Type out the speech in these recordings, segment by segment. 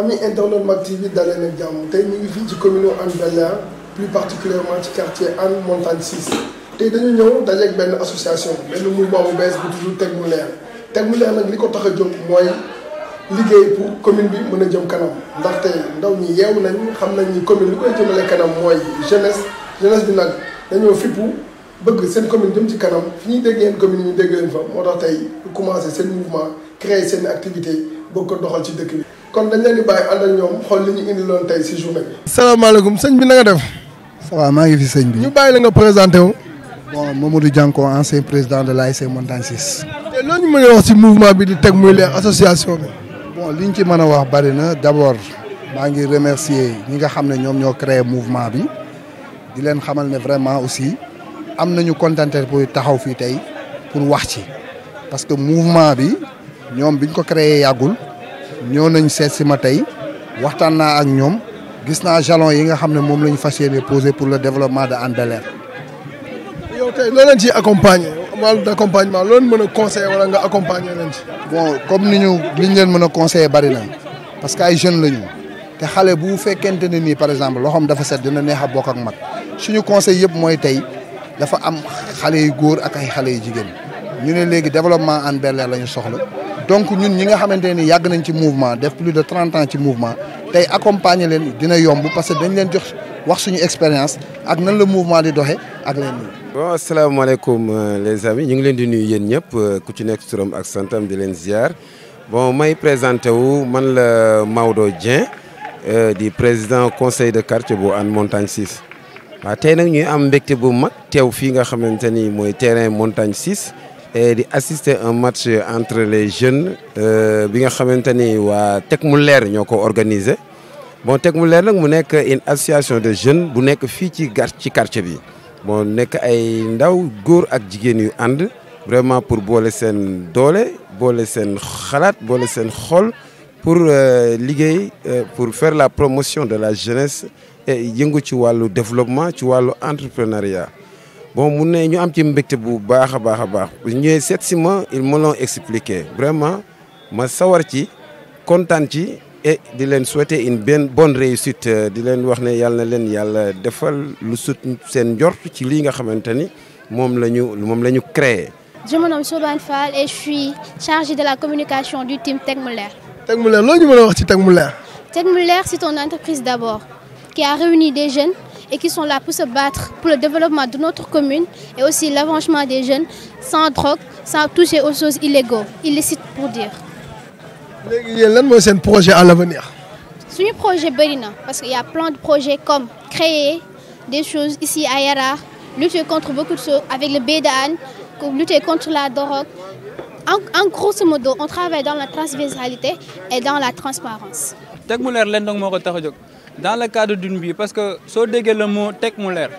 ami internaute Mak TV dalee jàmm tey ñu ngi fii ci commune Hann Bel-Air plus particulièrement ci quartier Hann Montagne 6 tey dañu ñëw dajeeg benn association benn bees bu tudd Teg mu leer Teg nag li ko tax a jóg mooy liggéey pour commune bi mën a jëm kanam ndaxte ndaw ñi yeewu nañ xam nañ ni commune li koy jëmale kanam mooy jeunesse jeunesse bi nag dañoo fippu bëgg seen commune jëm ci kanam fi ñuy dégg yeen commune ñu dégg leen fa moo tax tey commencé seen mouvement créer seen activité bëgg ko doxal ci dëkk bi kon dañ leen di bàyyi ànd ñoom xool li ñu indi loon tey si journée bi. salaamaaleykum sëñ bi na def. ça maa ngi fi sëñ bi. ñu bàyyi la nga présenté wu. bon Mamadou Dianko ancien président de l'ASC Montagne 6. te loo ñu mën a wax si mouvement bi di teg muy leen association bi. li ñu ci mën a wax bari na d'abord maa ngi remercier ñi nga xam ne ñoom ñoo créé mouvement bi di leen xamal ne vraiment aussi am nañu kontante pour taxaw fii tey pour wax ci parce que mouvement bi ñoom biñ ko créé yàggul. ñëw nañ seet si ma tey waxtaan naa ak ñoom gis naa jalon yi nga xam ne moom la ñu fas yéene posé pour le développement de Hann Bel-Air. tey loo leen ciy accompagner wàllu d'accompagnement loo leen mën a conseiller wala nga accompagner leen ci. bon comme ni ñu li ñu leen mën a conseiller bari na parce que ay jeunes la ñu te xale bu fekkente ne nii par exemple loxoom dafa set dina neex a bokk ak mag suñu conseil yëpp mooy tey dafa am xale yu góor ak ay xale yu jigéen ñu ne léegi développement Hann la ñu soxla. donc ñun ñi nga xamante ni yàgg nañ ci mouvement def plus de trente ans ci mouvement tey accompagner leen dina yomb parce que dañ leen jox wax suñu expérience ak nan la mouvement di doxe ak leen nii. bon asalaamaaleykum euh, les amis ñu ngi leen di nuyu yéen ñëpp euh, ku ci nekk turam ak santam di leen ziar bon may présenté wu man la Maodo Dieng euh, di président conseil de quartier bu Hann Montagne 6. waaw tey nag ñu am mbégte bu mag teew fii nga xamante ni mooy terrain Montagne 6. et di assister un match entre les jeunes euh, bi nga xamante ni waa teg mu leer ñoo ko organisé bon Tek mu leer nag mu nekk une association de jeunes bu nekk fii ci gar ci quartier bi bon nekk ay ndaw góor ak jigéen yu ànd vraiment pour boole seen doole boole seen xalaat boole seen xool pour euh, liggéey euh, pour faire la promotion de la jeunesse yëngu ci wàllu développement ci wàllu entrepreneuriat bon mun ne ñu am ci mbégte bu baax a baax a baax bu ñëwee seet si ma ils me vraiment ma sawar ci kontaan ci et di leen souhaiter une benn bonne réussite di leen wax ne yàlla na leen yàlla defal lu sut seen njort ci li nga xamante ni moom la ñu moom la ñu créé. Je me nomme Soubane Fall et suis chargée de la communication du team Tecmuler. Tecmuler, qu'est-ce que tu peux nous dire Tecmuler, c'est une entreprise d'abord qui a réuni des jeunes et qui sont là pour se battre pour le développement de notre commune et aussi l'avancement des jeunes sans drogue, sans toucher aux choses illégaux, illicites pour dire. léegi yéen lan mooy seen projet projet bëri na parce que y a plein de projets comme créer des choses ici à Yara lutter contre beaucoup de choses avec le BDAN lutter contre la drogue en en grosso modo on travaille dans la transversalité et dans la transparence teg mu leer leen donc moo ko tax a jóg dans le cadre d'une vie parce que soo déggee le mot teg mu leer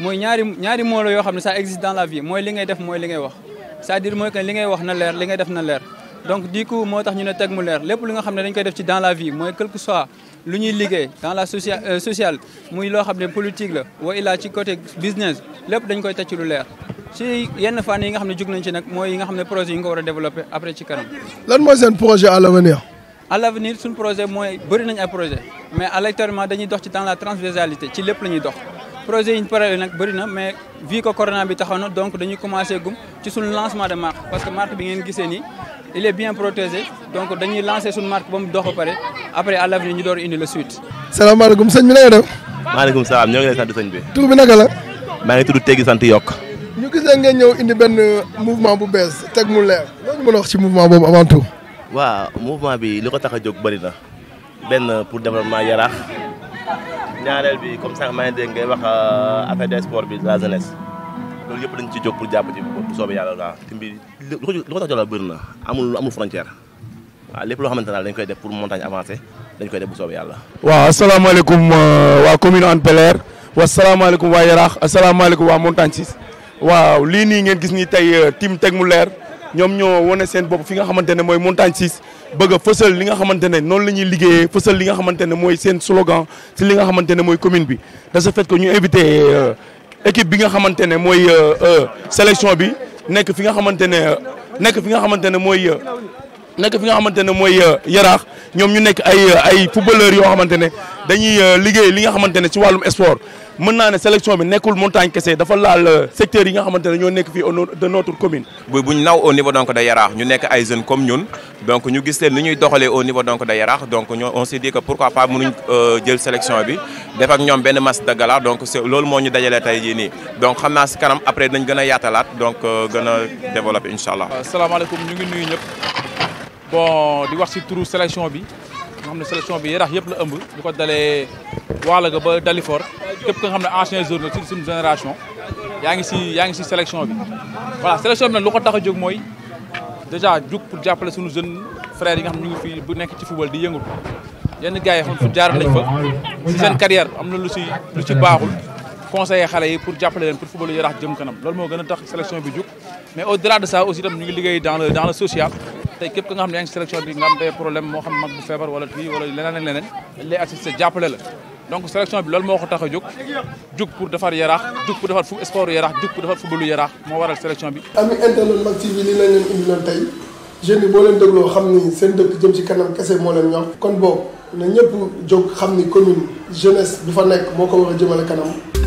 mooy ñaari ñaari mots la yoo xam ne ça existe dans la vie mooy li ngay def mooy li ngay wax c'est-à-dire mooy li ngay wax na leer li ngay def na leer. donc du coup moo tax ñu ne teg mu leer lépp li nga xam ne dañ koy def ci dans la vie mooy quel que soit lu ñuy liggéey dans la euh, sociale muy loo xam ne politique la wa illaa ci côté business lépp dañ koy teg ci lu leer. ci yenn fànn yi nga xam ne jug nañ ci nag mooy yi nga xam ne projet yi nga ko war a développer après ci seen projet à l'avenir à l' avenir suñu projet mooy bëri nañ ay projet mais actuellement dañuy dox ci dans la transversalité ci lépp la ñuy dox projet yi ñu paree nag bëri na mais vu que corona bi taxaw na donc dañuy commencé gum ci suñ lancement de marque parce que marque bi ngeen gisee nii il est bien protégé donc dañuy lancé suñu marque ba mu dox ba pare après à l' ñu door indi la suite. salaamaaleykum sëñ bi na nga def. maaleykum salaam ñoo ngi lay sant sëñ bi. tur bi naka la. maa ngi tudd Teggi sant yokk. ñu gisee ngeen ñëw indi bu bees teg mu leer loolu mën a wax ci waa mouvement bi lu ko tax a jóg bëri na benn pour développement yaraax ñaareel bi comme ça maa ngi dégg ngay wax euh, affaire de sport bi la jeunesse loolu yëpp dañ ci jóg pour jàpp ci bu soobee yàlla waaw te mbir li ko li ko tax na amul amul frontière waaw lépp loo xamante ne dañ koy def pour montagne avancée dañ koy def bu soobee yàlla. waaw asalaamaaleykum euh, waa commune Hann bel wasalaamaaleykum waa yaraax asalaamaaleykum waa montagne 6 waaw lii nii ngeen gis nii tey euh, tim teg mu leer. ñoom ñoo wane seen bopp fi nga xamante ne mooy montagne 6 bëgg a fësal li nga xamante ne noonu la ñuy liggéeyee fësal li nga xamante ne mooy seen slogan si li nga xamante ne mooy commune bi de ce ñu invité euh, équipe bi nga xamante ne mooy euh, euh, sélection bi nekk fi nga xamante ne nekk fi nga xamante ne mooy nekk fi nga xamante ne mooy euh, yaraax ñoom ñu nekk ay euh, ay footballeurs yoo xamante ne dañuy euh, liggéey li nga xamante ne ci wàllum sport mën naa ne sélection bi nekkul montagne kese dafa laal secteurs yi nga xamante ne ñoo nekk fii au de notre commune. bu buñ naw au niveau donc de yaraax ñu nekk ay jeunes comme ñun donc ñu gis leen ni ñuy doxalee au niveau donc de yaraax donc ñoo on s'est dit que pourquoi pas mënuñ jël sélection bi def ak ñoom benn match de gala donc c'est ñu dajalee tey jii nii donc xam naa si kanam après dañ gën a yaatalaat donc gën a développer allah. asalaamaaleykum ñu ngi nuyu ñëpp. bon di wax si turu sélection bi nga xam ne sélection bi yaraax yëpp la ëmb di ko dalee waala ga ba Dalifor képp nga xam ne ancien journal si suñu génération yaa ngi si yaa ngi si sélection bi voilà sélection bi nag lu ko tax a jóg mooy déjà jug pour jàppale suñu jeune frères yi nga xam ne ñu ngi fii nekk ci football di yëngul yenn gars yi xam fu jaar nañ fa si seen carrière am na lu si lu ci baaxul conseiller xale yi pour jàppale leen pour football yaraax jëm moo gën a tax sélection bi jug mais au delà de ça aussi tam ñu ngi tey képp ka nga xam ne yaa ngi sélection bi nga am des problème moo xam mag bu feebar wala tuuti wala leneen ak leneen dañ lay assister jàppale la donc sélection bi loolu moo ko tax a jóg jóg pour defar yaraax jóg pour defar fu sport yaraax jóg pour defar footballu yaraax moo waral sélection bi ami internet Mak TV li lañ leen indiloon tey jeunes boo leen dégloo xam ni seen dëkk jëm ci kanam kese moo leen ñor kon boo na ñëpp jóg xam ni commune jeunesse bi fa nekk moo ko war a kanam